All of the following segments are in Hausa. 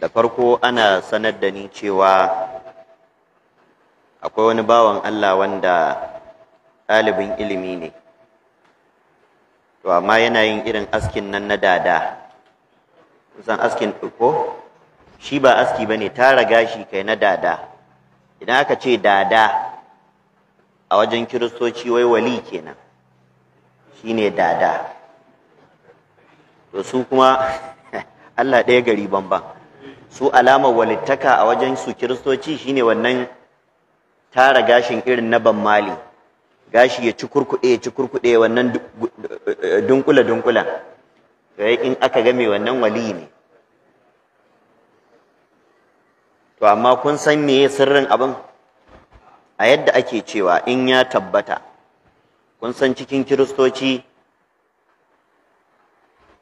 da farko ana sanar da ni cewa akwai wani bawan Allah wanda ɗalibin ilimi ne to amma yana yin irin askin nan na dada kusan askin ɗauko shi ba aski ba ne. tara gashi kai na dada idan aka ce dada a wajen kiristoci wai wali kenan ne dada to su kuma Allah ɗaya gari bamban su alamar walittaka a wajen su kiristoci shine wannan tara gashin irin na ban mali gashi ya ci kurkude, ya ci cikurkuɗe wannan dunkula eh, dunkula sai in aka ga wannan wali ne to amma kun san meye sirrin abin a yadda ake cewa in ya tabbata kun san cikin kiristoci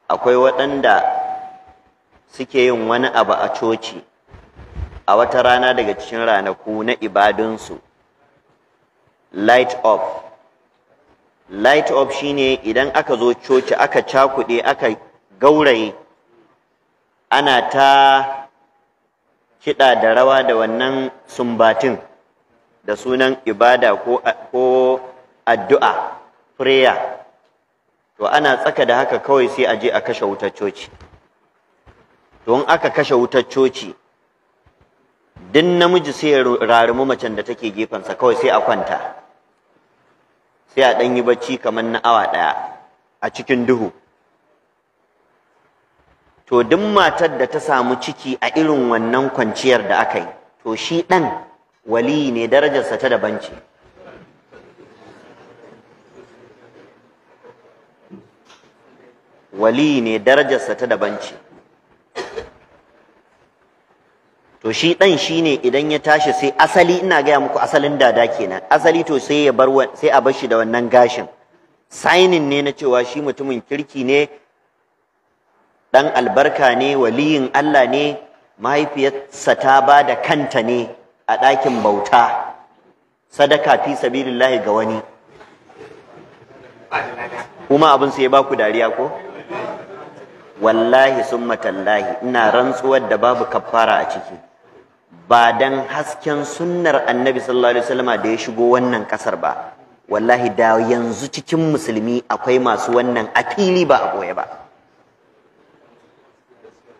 akwai waɗanda suke yin wani abu a coci a wata rana daga cikin ranaku na ibadunsu light up light up shine idan aka zo coci aka cakuɗe aka gauraye ana ta kiɗa da rawa da wannan sumbatin da sunan ibada ko addu'a prayer to ana tsaka da haka kawai sai a je a kashe wutar coci to in aka kashe wutar coci din namiji sai ya rarumi macen da take gefensa kawai sai a kwanta sai a ɗan bacci kamar na awa ɗaya a cikin duhu to duk matar da ta samu ciki a irin wannan kwanciyar da aka yi to shi ɗan wali ne darajarsa ta daban ce wali ne darajarsa ta daban ce to shi dan shine idan ya tashi sai asali ina gaya muku asalin dada kenan asali to sai ya bar sai a bar shi da wannan gashin sainin ne na cewa shi mutumin kirki ne dan albarka ne waliyin Allah ne mahaifiyarsa ta ba da kanta ne a ɗakin bauta sadaka fi sabilillahi ga wani kuma abin sai ya ba ku dariya ko wallahi summatallahi ina rantsuwar da babu kaffara a ciki ba dan hasken sunnar annabi sallallahu alaihi wasallama da ya shigo wannan kasar ba wallahi da yanzu cikin musulmi akwai masu wannan akili ba a ɓoye ba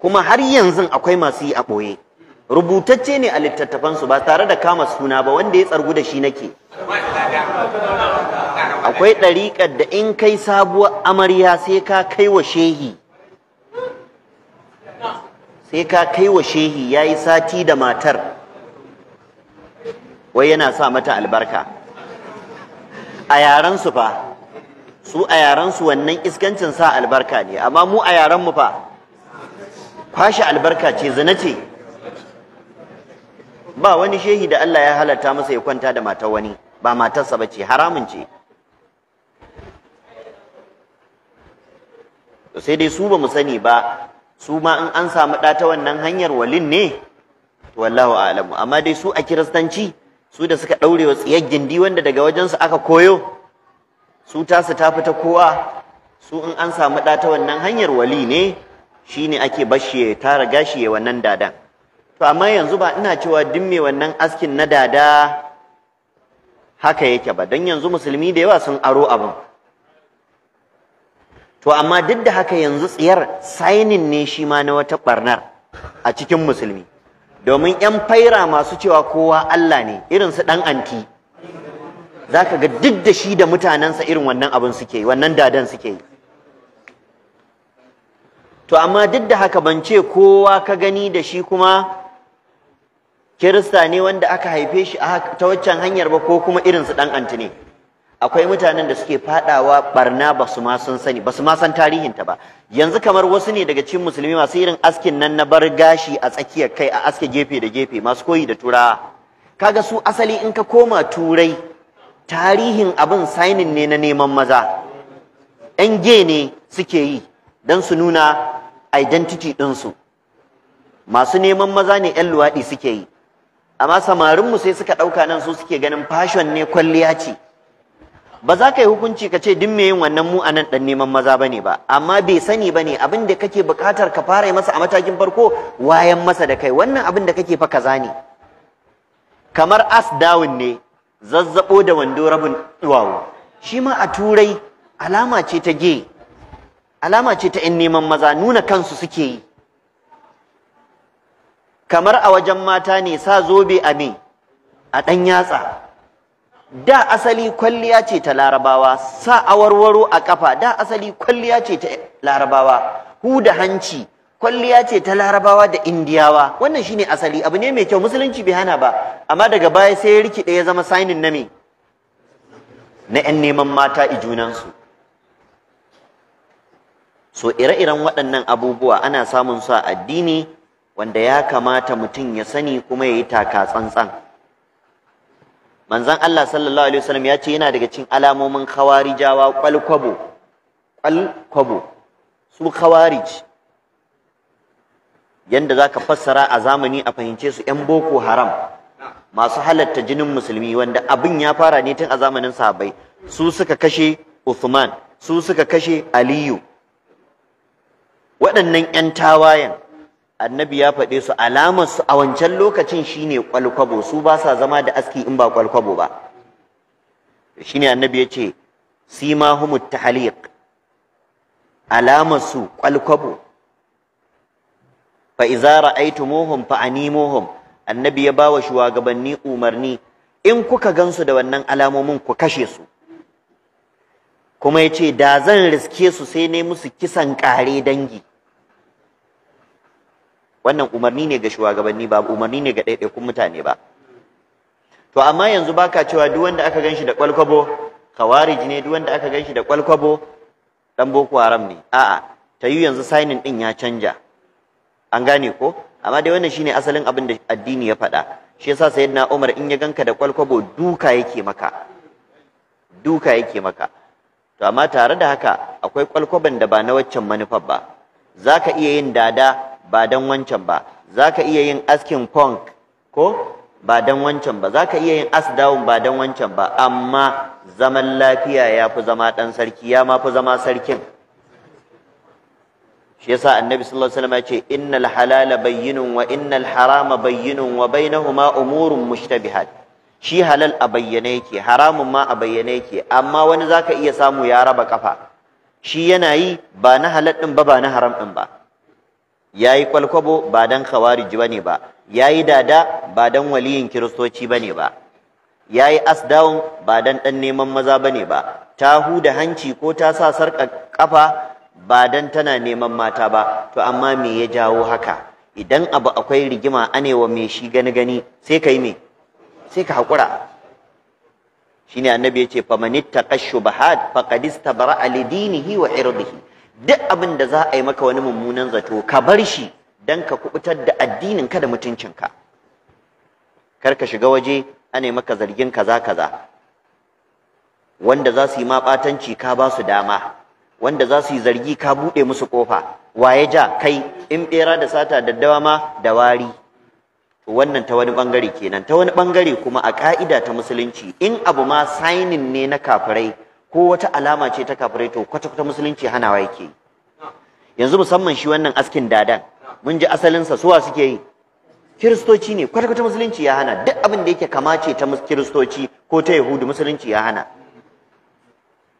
kuma har yanzu akwai masu yi a ɓoye rubutacce ne a littattafansu ba tare da kama suna ba wanda ya tsargu da shi nake akwai ɗariƙar da in kai sabuwar amarya sai ka kai wa shehi sai ka kai wa shehi ya yi sati da matar wai yana sa mata albarka a yarensu fa su a yarensu wannan iskancin sa albarka ne amma mu a yarenmu fa kwashe albarka ce zina ce ba wani shehi da Allah ya halatta masa ya kwanta da matar wani ba matarsa ba ce haramun ce sai dai su ba mu sani ba su ma in an samu ɗa ta wannan hanyar walin ne wallahu a'lamu amma dai su a kiristanci su da suka ɗaure wa tsiyar gindi wanda daga wajensu aka koyo su tasu ta fita kowa su in an samu ɗa ta wannan hanyar wali ne shine ake bashi ya tara gashi ya wannan dadan to amma yanzu ba ina cewa duk me wannan askin na dada haka yake ba don yanzu musulmi da yawa sun aro abin to amma duk da haka yanzu tsiyar sainin ne shi ma na wata barnar a cikin musulmi domin yan faira masu cewa kowa Allah ne irin su dan anti ka ga duk da shi da mutanensa irin wannan abin suke yi wannan dadan suke yi to amma duk da haka ban ce kowa ka gani da shi kuma kirista ne wanda aka haife shi ta waccan hanyar ba ko kuma irin su dan anti ne akwai mutanen da suke fadawa barna ba su ma sun sani ba su ma san ta ba yanzu kamar wasu ne daga cikin musulmi masu irin askin nan na bar gashi a tsakiyar kai a aske gefe da gefe masu koyi da turawa kaga su asali in ka koma turai tarihin abin sainin ne na neman maza yan ge ne suke yi don su nuna identity ɗinsu masu neman maza ne yan luwaɗi suke yi amma samarinmu sai suka ɗauka nan su suke ganin fashon ne kwalliya ce ba za ka yi hukunci ka ce duk me yin wannan mu anan dan neman maza bane ba amma bai sani bane abin da kake buƙatar ka fara masa a matakin farko wayan masa da kai wannan abin da kake fa kaza ne kamar as dawun ne zazzabo da wando rabin duwawo shi ma a turai alama ce ta ge alama ce ta 'yan neman maza nuna kansu suke yi kamar a wajen mata ne sa zobe a me a ɗan yatsa da asali kwalliya ce ta larabawa sa awarwaro a kafa da asali kwalliya ce ta larabawa huda hanci kwalliya ce ta larabawa da indiyawa wannan shine asali abu ne mai kyau musulunci bai hana ba amma daga baya sai ya rikide ya zama sainin na me na yan neman mata i junansu so ire-iren waɗannan abubuwa ana samun su a addini wanda ya kamata mutum ya sani kuma ya yi taka tsantsan Manzan Allah sallallahu alaihi wasallam ya ce yana daga cikin alamomin khawarijawa kwalkwabo kwalkwabo su khawarij yanda zaka fassara a zamani a fahince su yan boko haram masu halatta jinin musulmi wanda abin ya fara ne tun a zamanin sahabbai su suka kashe Uthman su suka kashe Aliyu waɗannan 'yan tawayen annabi ya faɗe su alamar su a wancan lokacin shine kwalkwabo su ba sa zama da aski in ba kwalkwabo ba shine annabi ya ce simahumut tahliq alamar su kwalkwabo fa Aitu ra'aytumuhum fa animuhum annabi ya bawa shugabanni umarni in kuka gansu da wannan alamomin ku kashe su kuma yace da zan riske su sai ne musu kisan ƙare dangi wannan umarni ne ga shugabanni ba umarni ne ga ɗaiɗaikun mutane ba to amma yanzu baka cewa duk wanda aka ganshi da kwalkwabo khawarij ne duk wanda aka ganshi da kwalkwabo dan boko haram ne a'a ta yi yanzu signing din ya canja an gane ko amma dai wannan shine asalin abin da addini ya faɗa shi yasa sayyidina Umar in ya ganka da kwalkwabo duka yake maka duka yake maka to amma tare da haka akwai kwalkwaban da ba na waccan manufar ba zaka iya yin dada ba dan wancan ba zaka iya yin askin punk ko ba dan wancan ba zaka iya yin as dawon ba dan wancan ba amma zaman lafiya ya fi zama dan sarki ya ma fi zama sarkin shi yasa annabi sallallahu alaihi wasallam ya ce innal halala bayyinun wa innal harama bayyinun wa bainahuma umurun mushtabihat shi halal a bayyane yake haramun ma a bayyane yake amma wani zaka iya samu ya raba kafa shi yana yi ba na halal ɗin ba ba na haram ɗin ba Ya yi kwalkwabo ba dan khawarij ne ba Ya yi dada ba dan waliyin kiristoci ba ne ba Ya yi asdawun ba dan ɗan neman maza ba ne ba ta huda hanci ko ta sa sarƙa ƙafa ba dan tana neman mata ba to amma me ya jawo haka idan abu akwai rigima anewa me shi gani gani sai yi me sai ka haƙura. shine annabi yace famanittaqa shubahat faqad bara li dinihi wa irdihi duk abin da za a yi maka wani mummunan zato ka bar shi dan ka kubutar da addinin ka da mutuncinka kar ka shiga waje ana maka zargin kaza kaza wanda za su yi ma ka ba su dama wanda za su yi zargi ka buɗe musu ƙofa waye ja kai in ɓera da sata daddawa ma da wari wannan ta wani bangare kenan ta wani bangare kuma a ka'ida ta musulunci in abu ma sainin ne na kafirai ko wata alama ce ta kafirai to kwata kwata musulunci hanawa yake yanzu musamman shi wannan askin dadan mun ji asalin sa suwa suke yi kiristoci ne kwata kwata musulunci ya hana duk abin da yake kama ce ta kiristoci ko ta yahudu musulunci ya hana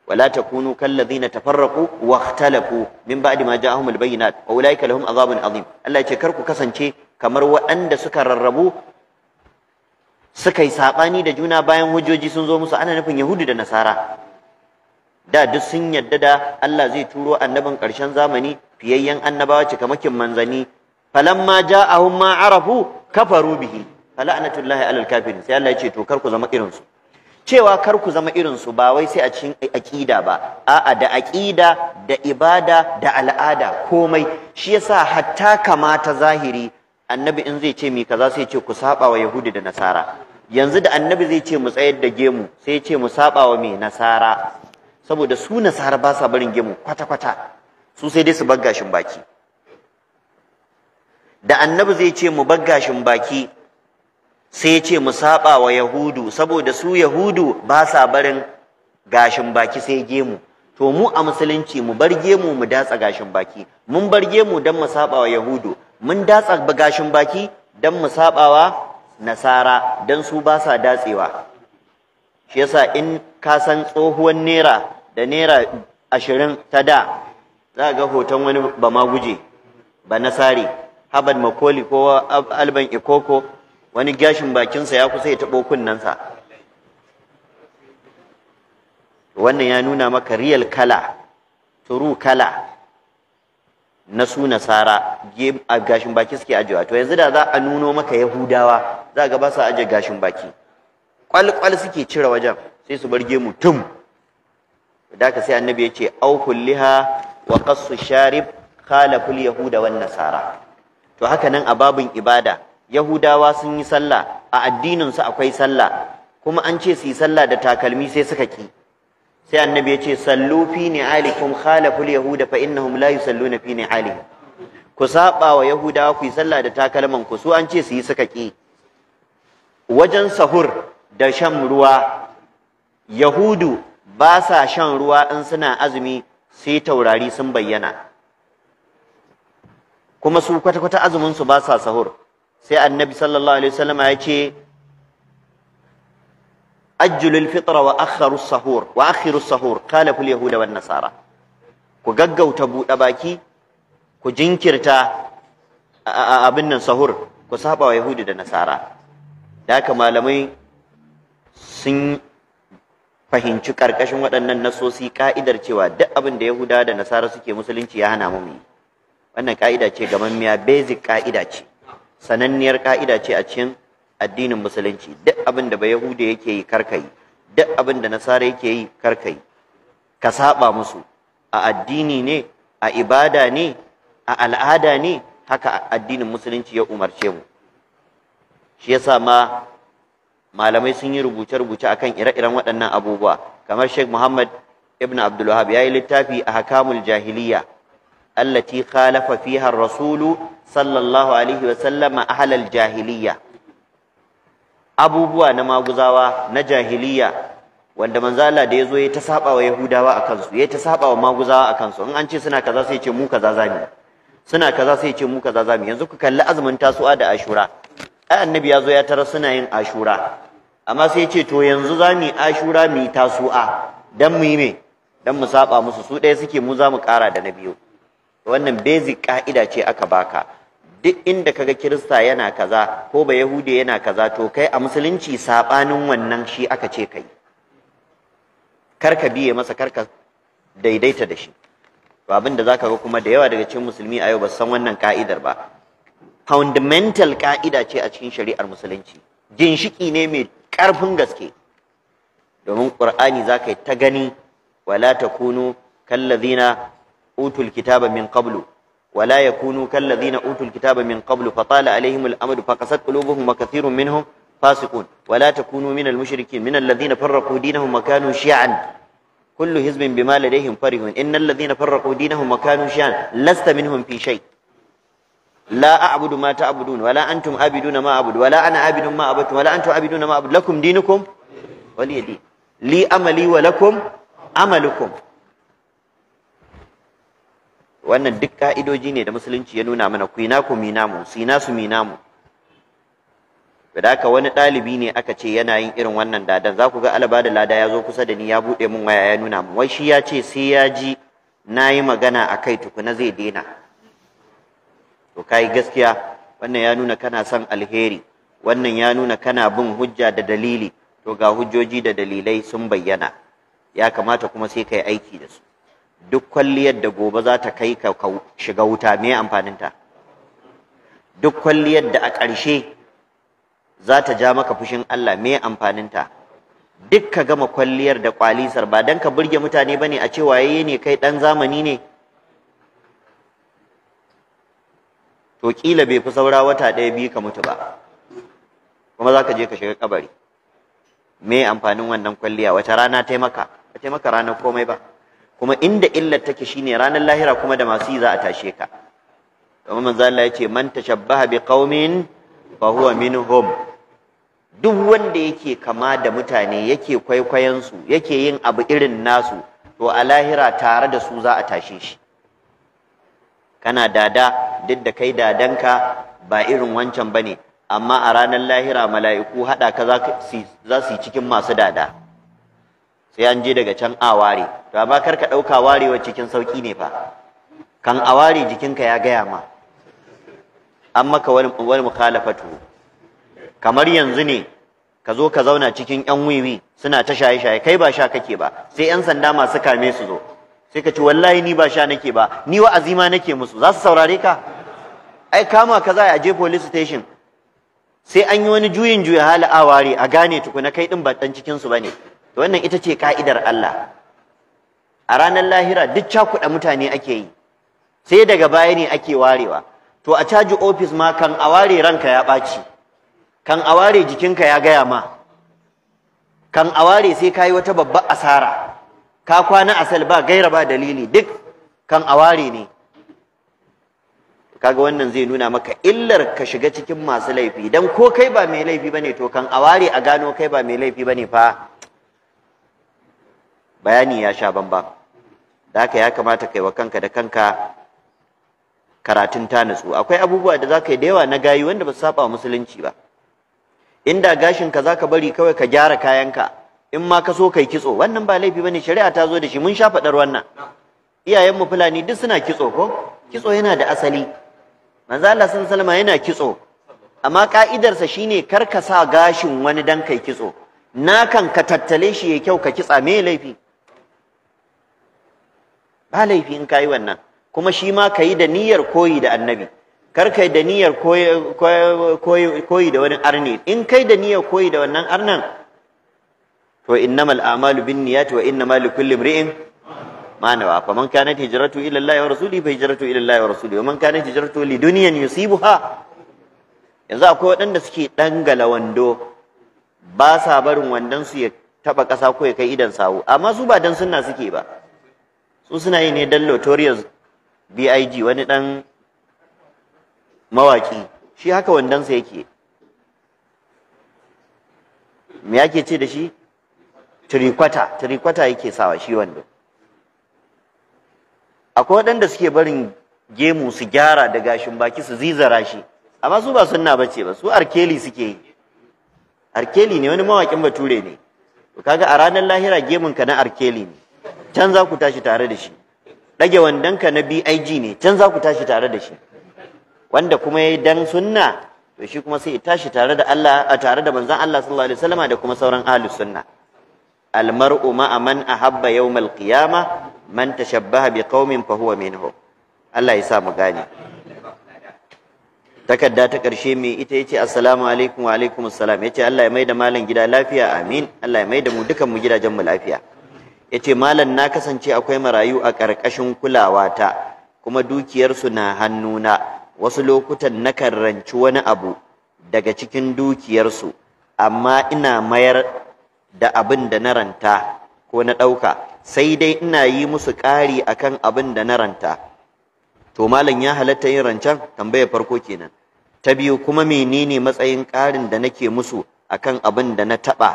ولا تكونوا كالذين تفرقوا واختلفوا من بعد ما جاءهم البينات واولئك لهم عذاب عظيم الله kar ku kasance. kamar waɗanda suka rarrabu suka yi saɓani da juna bayan hujjoji sun zo musu ana nufin yahudu da nasara da duk sun yarda da Allah zai turo annabin ƙarshen zamani fiyayyen annabawa cikamakin manzani falamma ja'ahum ma arafu kafaru bihi fala'natullahi alal kafirin sai Allah ya ce to kar ku zama irin su cewa kar ku zama irin su ba wai sai a cikin aƙida ba a'a da aƙida da ibada da al'ada komai shi yasa hatta kamata zahiri annabi in zai ce mi kaza sai ce ku saba wa yahudi da nasara yanzu da annabi zai ce mu tsayar da gemu sai ce mu saba wa mai nasara saboda su nasara ba sa barin gemu kwata kwata su sai dai su bar gashin baki da annabi zai ce mu bar gashin baki sai ya ce mu saba wa yahudu saboda su yahudu ba sa barin gashin baki sai gemu to mu a musulunci mu bar gemu mu datsa gashin baki mun bar gemu don mu saba wa yahudu mun datsa gashin baki don mu sabawa nasara don su ba sa datsewa shi yasa in ka san tsohuwan nera da nera ashirin ta da za ga hoton wani ba ma guje ba nasari haban makoli ko alban ikoko wani gashin bakinsa ya kusa ya taɓo sa. wannan ya nuna maka real kala true color. na su nasara a gashin baki suke ajiyewa to yanzu da za a nuno maka yahudawa za ga ba sa ajiye gashin baki kwal-kwal suke cire wajen sai su bar gemu tum da ka sai annabi ya ce au liha wa kasu sharif khalaful yahuda wan nasara to haka nan a babin ibada yahudawa sun yi sallah a addininsu akwai sallah kuma an ce su yi sallah da takalmi sai suka ki sai annabi ya ce sallu fi alikum khalaful yahuda fa innahum la yusalluna fi ali ku saba wa yahudawa ku yi sallah da takalman ku su an ce su yi suka ki wajen sahur da shan ruwa yahudu ba sa shan ruwa in suna azumi sai taurari sun bayyana kuma su kwata-kwata azumin su ba sa sahur sai annabi sallallahu alaihi wasallama ya ce ajjulul fitra wa akharu sahur wa akhiru sahur qala fil yahuda wan nasara ku gaggauta buɗe baki ku jinkirta abin nan sahur ku saba wa yahudi da nasara da haka malamai sun fahimci karkashin waɗannan nasosi ka'idar cewa duk abin da yahuda da nasara suke musulunci ya hana mu wannan ka'ida ce miya basic ka'ida ce sananniyar ka'ida ce a cikin addinin musulunci duk abin da yake yi karkai duk abin da nasara yake yi karkai ka saba musu a addini ne a ibada ne a al'ada ne haka addinin musulunci ya umarce mu shi yasa ma malamai sun yi rubuce-rubuce akan ire-iren waɗannan abubuwa kamar Sheikh Muhammad ibn Abdulwahab ya yi littafi a hakamul jahiliya allati khalafa fiha ar-rasul sallallahu alaihi wa sallama ahlal jahiliya abubuwa na maguzawa na jahiliya wanda Manzala da ya zo ya ta saba wa yahudawa a kansu, ya ta saba wa maguzawa a kansu. in an ce suna kaza sai ce mu kaza zami suna kaza sai ce mu kaza zami yanzu ku kalli azumin tasu'a da ashura ai annabi zo ya tarar suna yin ashura amma sai ya ce to yanzu zami ashura mu tasu'a dan mu yi me dan mu saba musu su ɗaya suke mu za mu ƙara da na biyu wannan basic ka'ida ce aka baka duk inda kaga kirista yana kaza ko ba yahude yana kaza to kai a musulunci sabanin wannan shi aka ce kai kar biye masa karka daidaita da shi to abin da zaka ga kuma da yawa daga cikin musulmi a yau ba san wannan ka'idar ba fundamental ka'ida ce a cikin shari'ar musulunci ginshiki ne mai karfin gaske domin qur'ani zaka yi ta gani wala takunu kallazina utul kitaba min qablu ولا يكونوا كالذين أوتوا الكتاب من قبل فطال عليهم الأمد فقست قلوبهم وكثير منهم فاسقون ولا تكونوا من المشركين من الذين فرقوا دينهم وكانوا شيعا كل حزب بما لديهم فرحون إن الذين فرقوا دينهم وكانوا شيعا لست منهم في شيء لا أعبد ما تعبدون ولا أنتم عابدون ما أعبد ولا أنا عابد ما عبدت ولا أنتم عابدون ما أعبد لكم دينكم ولي دين لي أملي ولكم عملكم wannan duk ka'idoji ne da musulunci ya nuna mana ku ina ku namu, su ina su mi namu. da haka wani ɗalibi ne aka ce yana yin irin wannan dadan za ku ga alaba da lada ya zo kusa da ni ya buɗe min waya ya nuna mu wai shi ya ce sai ya ji na yi magana a kai tukuna zai daina to kai gaskiya wannan ya nuna kana son alheri wannan ya nuna kana bin hujja da dalili to ga hujjoji da dalilai sun bayyana ya kamata kuma sai kai aiki da su duk kwalliyar da gobe za ta kai ka shiga wuta me amfaninta duk kwalliyar da a ƙarshe za ta ja maka fushin Allah me amfaninta duk ka gama kwalliyar da kwalisar ba don ka burge mutane ba ne a ce waye ne kai ɗan zamani ne to ƙila bai fi saura wata ɗaya biyu ka mutu ba kuma za ka je ka shiga kabari me amfanin wannan kwalliya wata rana taimaka ba taimaka ranar komai ba kuma inda illar take shine ranar lahira kuma da masu yi za a tashe ka kuma manzo Allah yace man tashabbaha bi qaumin fa huwa minhum duk wanda yake kama da mutane yake kwaikwayon su yake yin abu irin nasu to a lahira tare da su za a tashe shi kana dada duk da kai dadan ka ba irin wancan bane amma a ranar lahira mala'iku hada ka za su yi cikin masu dada sai an je daga can a ware to amma kar ka ɗauka warewa cikin sauki ne fa kan a ware jikinka ya gaya ma an maka wani wani mukhalafatu kamar yanzu ne ka zo ka zauna cikin yan wiwi suna ta shaye shaye kai ba sha kake ba sai yan sanda masu kame su zo sai ka ce wallahi ni ba sha nake ba ni wa'azi ma nake musu za su saurare ka ai kama ka za a je police station sai an yi wani juyin juya hali a ware a gane tukuna kai din ba dan cikin su bane wannan ita ce ka'idar Allah a ranar lahira duk cakuɗa mutane ake yi sai daga baya ne ake warewa to a caji ofis ma kan a ware ranka ya ɓaci kan a ware jikinka ya gaya ma kan a ware sai ka yi wata babbar asara ka kwana asal ba gaira ba dalili duk kan a ware ne kaga wannan zai nuna maka illar ka shiga cikin masu laifi don ko kai ba mai laifi ba ne, to kan ware a gano kai ba mai laifi ba ne fa bayani ya sha bamba da haka ya kamata kai wa kanka da kanka karatun ta nutsu akwai abubuwa da za ka yi da yawa na gayi wanda ba su saba wa musulunci ba inda gashin ka za ka bari kawai ka gyara kayanka in ma ka so kai kitso wannan ba laifi bane shari'a ta zo da shi mun sha faɗar wannan iyayenmu fulani duk suna kitso ko kitso yana da asali manzo Allah sun yana kitso amma ka'idarsa shine kar ka sa gashin wani dan kai kitso nakan ka tattale shi ya kyau ka kitsa me laifi ba laifi in yi wannan kuma shi ma yi da niyyar koyi da annabi kar kai da niyyar koyi da wani arni in kai da niyyar koyi da wannan arnan to innamal a'malu niyyati wa innamal kulli imri'in ma nawa fa man kanat hijratu ila Allah wa rasuli fa hijratu ila Allah wa rasuli wa man kanat hijratu li dunyan yusibuha yanzu akwai waɗanda suke dangala wando ba sa barin wandon su ya taba ƙasa ko ya kai idan sawu amma su ba dan sunna suke ba su suna yi ne don notorious big wani dan mawaki shi haka wandonsa yake me yake ce da shi tirikwata tirikwata yake sawa shi wando akwai waɗanda suke barin gemu su gyara da gashin baki su zizara shi amma su ba sunna bace ba su arkeli suke yi arkeli ne wani mawakin bature ne kaga a ranar lahira gemun ka na arkeli ne can za ku tashi tare da shi ɗage ka na BIG ne can za ku tashi tare da shi wanda kuma ya dan sunna to shi kuma sai ya tashi tare da Allah a tare da manzon Allah sallallahu alaihi wasallama da kuma sauran ahlus sunna al mar'u ma'a man ahabba yawmal qiyama man tashabbaha bi qaumin fa huwa minhum Allah ya sa mu gane takarda ta ƙarshe mai ita yace assalamu alaikum wa as-salam. Ya yace Allah ya maida malam gida lafiya amin Allah ya maida mu dukan mu gidajen mu lafiya yace Mallam na kasance akwai marayu a ƙarƙashin kulawata kuma dukiyarsu na hannuna wasu lokutan nakan ranci wani abu daga cikin dukiyarsu amma ina mayar da abin da na ranta ko na ɗauka sai dai ina yi musu ƙari akan abin da na ranta to malam ya halatta yin rancen tambayar farko kenan ta biyu kuma menene matsayin ƙarin da nake musu akan abin da na taɓa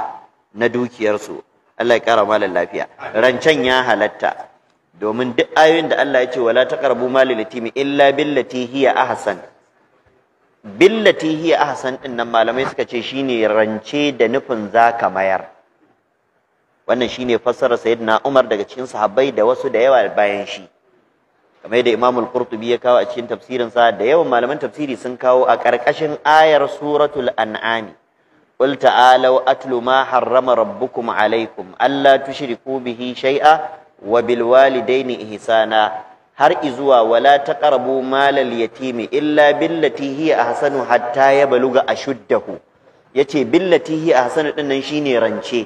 na dukiyarsu Allah ya kara malan lafiya rancen ya halatta domin duk ayoyin da Allah ya ce wala taqrabu malil yatimi illa billati hiya ahsan billati hiya ahsan din nan malamai suka ce shine rance da nufin zaka mayar wannan shine fassarar sayyidina Umar daga cikin sahabbai da wasu da yawa bayan shi kamar yadda Imam al-Qurtubi ya kawo a cikin tafsirin sa da yawan malaman tafsiri sun kawo a karkashin ayar suratul an'ami قل تعالوا أتل ما حرم ربكم عليكم ألا تشركوا به شيئا وبالوالدين إحسانا har izuwa wala ta taqrabu malal yatimi illa billati hi ahsanu hatta yabluga ashuddahu yace billati hi ahsanu din nan shine rance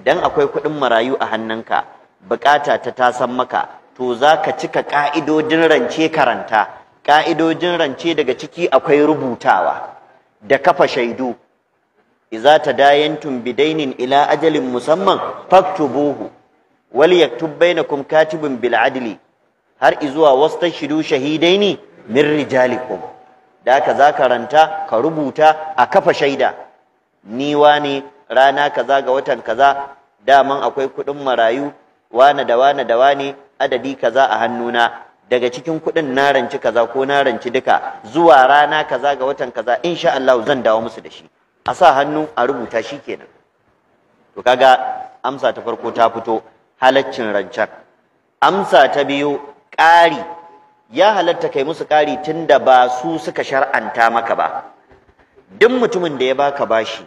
idan akwai kuɗin marayu a hannunka bukata ta tasan maka to zaka cika ka'idodin rance karanta ka'idojin rance daga ciki akwai rubutawa da kafa shaidu Iza dayan tumbi dainin ila ajalin musamman faktubuhu wal yaktub bainakum katibun katibin adli har izuwa wastashidu shahidaini min rijalikum da haka za ka ranta ka rubuta a kafa shaida ni wane rana kaza ga watan kaza daman akwai kuɗin marayu wane da wane da wane adadi kaza a hannuna daga cikin kuɗin na ranci kaza ko na ranci duka zuwa rana kaza ga watan kaza insha Allah zan dawo musu da shi a sa hannu a rubuta shi kenan to kaga amsa ta farko ta fito halaccin rancen amsa ta biyu ƙari ya halatta kai musu ƙari da ba su suka shar'anta maka ba duk mutumin da ya baka bashi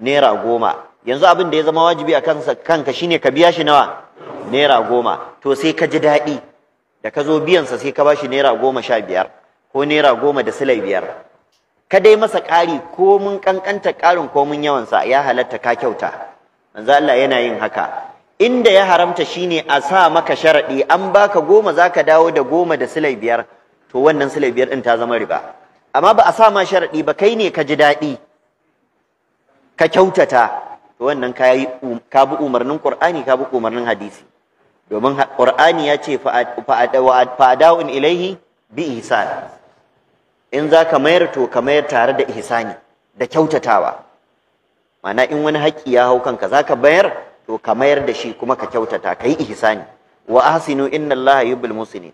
naira goma yanzu abin da ya zama wajibi a kansa kanka shine ka biya shi nawa naira goma to sai ka ji daɗi da ka zo biyansa sai ka bashi naira goma sha biyar ko naira goma da silai biyar ka dai masa ƙari ko mun kankanta ƙarin ko mun yawansa ya halatta ka kyauta manzo Allah yana yin haka inda ya haramta shine a sa maka sharadi an baka goma zaka dawo da goma da silai biyar to wannan silai biyar din ta zama riba amma ba a sa ma sharadi ba kai ne ka ji daɗi ka kyautata to wannan ka yi um, ka bi umarnin Qur'ani ka bi umarnin hadisi domin Qur'ani ya ce fa fa'adawun ilaihi bi ihsan in za ka mayar to ka mayar tare da ihsani da kyautatawa mana in wani haƙƙi ya hau kanka za ka bayar to ka mayar da shi kuma ka kyautata ka yi ihsani wa ahsinu inna allaha yuhibbul muhsinin